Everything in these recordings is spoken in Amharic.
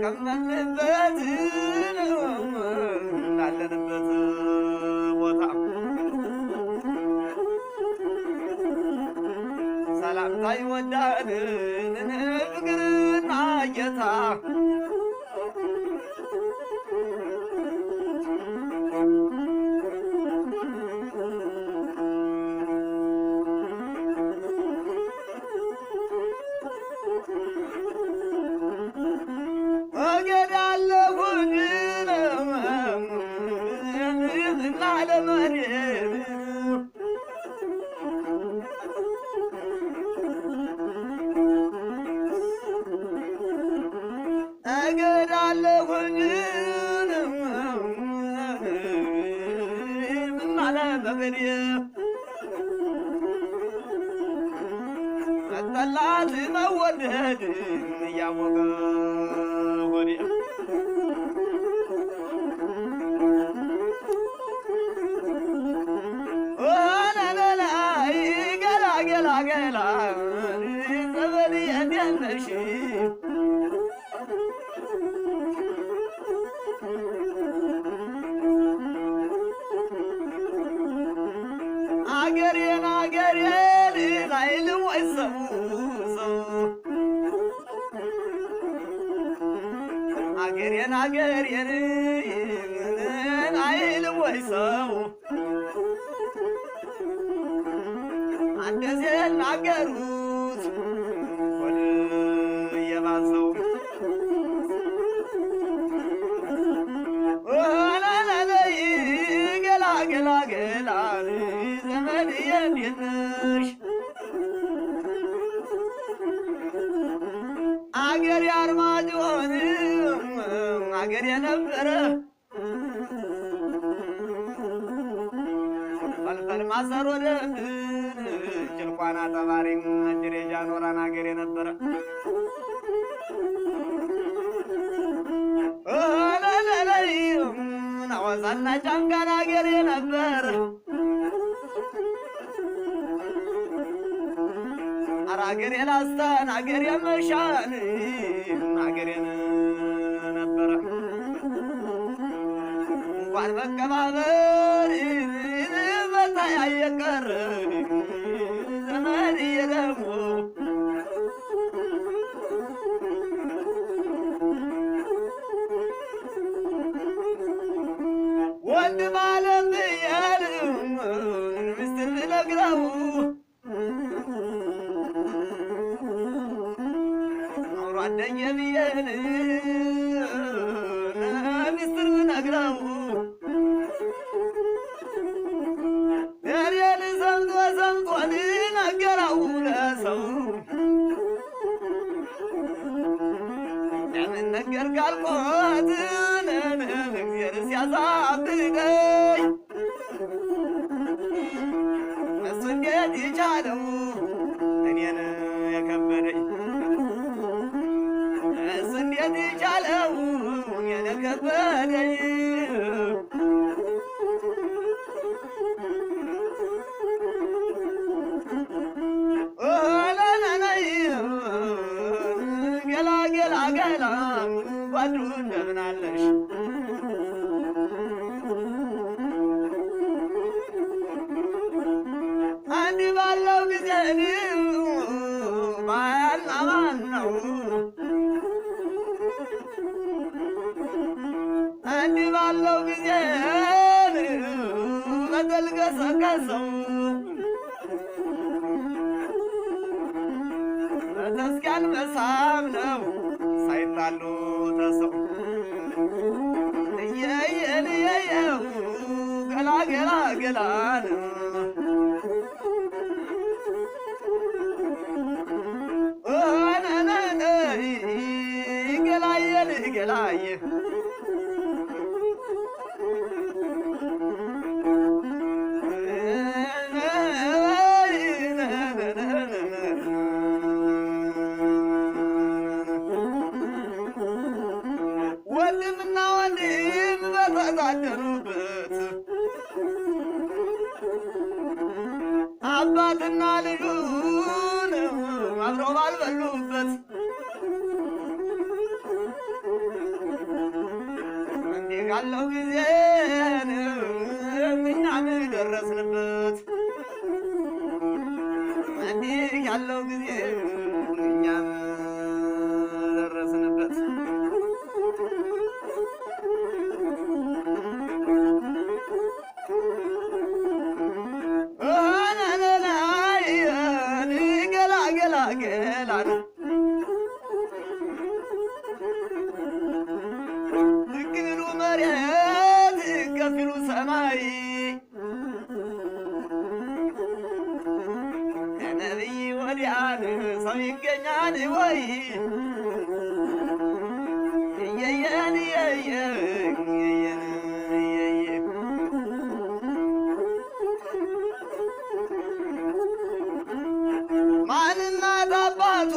ከምናለንበት ላለንበት ቦታ ሰላምታ ይወዳንን ፍቅርና ጌታ ጠላት ተወደድ እያሞቀ ወዲያ አገሬን አገሬን አይልወሰሙ ሀገር የንን አይልም ወይ ሰው ናገሩት ወደ የባሰው ገላ ገላ ገላ የነበረ ፈልፈል ማሰሮ ጭልቋና ተማሪ ደረጃ ኖራን ሀገር የነበረ ለለለይ ጫንጋን ሀገር የነበረ አራገሬ ላስታን አገሬ መሻን አገሬን Bak kadar Quero galo com እንዲህ ባለው ጊዜ መደል ገሰገሰው ነው ሳይጣሉ ተሰው ገላ ገላ 给了阿姨。ወንድምና ወንድም በተሳደሩበት አባትና ልጁን አብረው ባልበሉበት ያለው ጊዜ እኛም ደረስንበት እንዲህ ያለው ጊዜ ማንናት አባቱ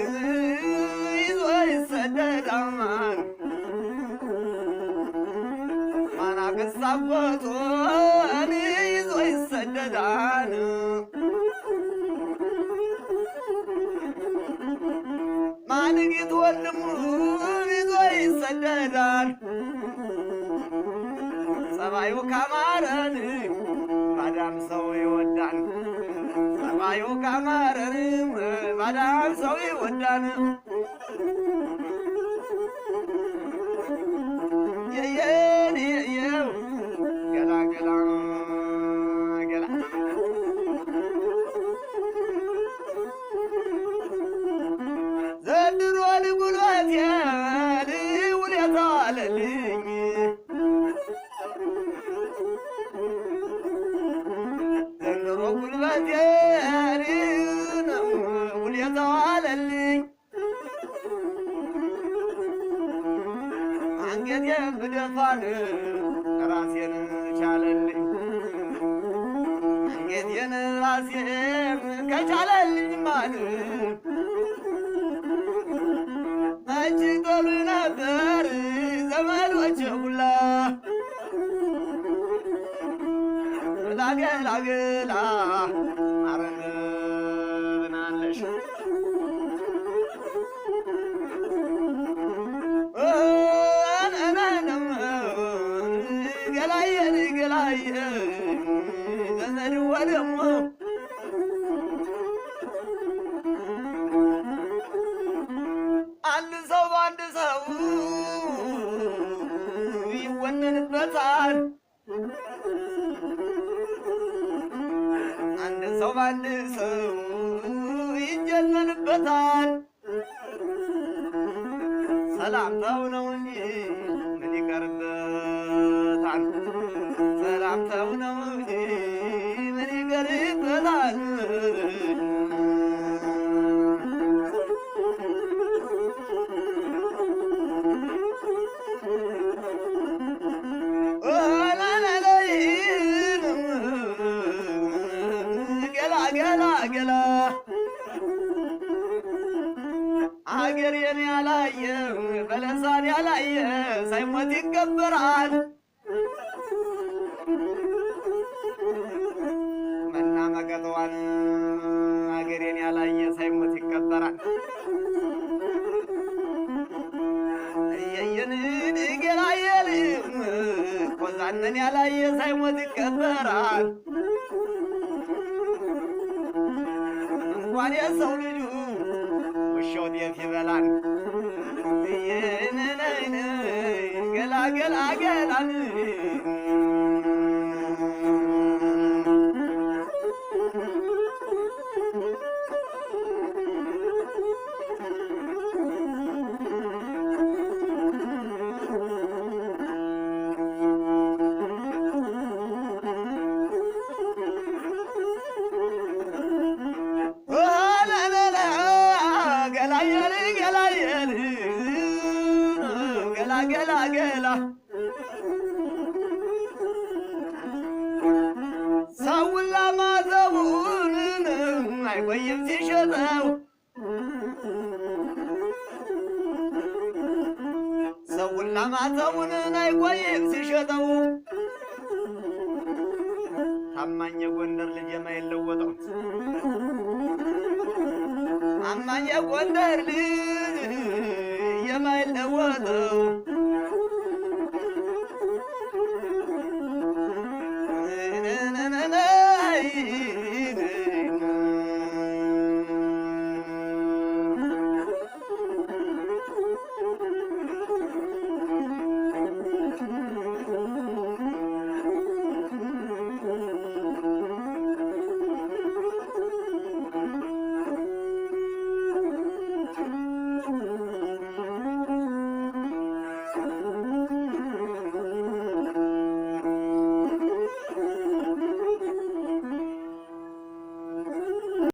ይዞ ይሰደዳል። ማን ማናክስ ይዞ ይሰደዳል። ማንጊት ወንድሙ ጸደ ዳር ጸባዩ ካማረን ባዳም ሰው ይወዳን ጸባዩ ካማረን ባዳም ሰው ይወዳን ራሴን ቻለልኝ ጌቴን ራሴን ከቻለልኝ ማን መች ጦሉ ነበር ዘመዶች ሁላ ላገላገላ ገላየን ገላየን ገዘንዋ ደግሞ አንድ ሰው በአንድ ሰው ይወነንበታል። አንድ ሰው በአንድ ሰው ይጀነንበታል። ሰላምታው ነው እንጂ ምን ይቀርበት? ይገርማል። ሰላምታው ነው እንጂ ምን ይገርመናል? ገላገላ አገሬን ያላየ በለሳን ያላየ ሳይሞት ይከበራል። ምን ያላየ ሳይሞት ይቀበራል። እንኳን የሰው ልጁ ውሻው ጤፍ ይበላል። ይህንን ገላገል አገላል አጸሙን አይቆይም ሲሸጠው ታማኝ የጎንደር ልጅ የማይለወጠው ታማኝ የጎንደር ልጅ የማይለወጠው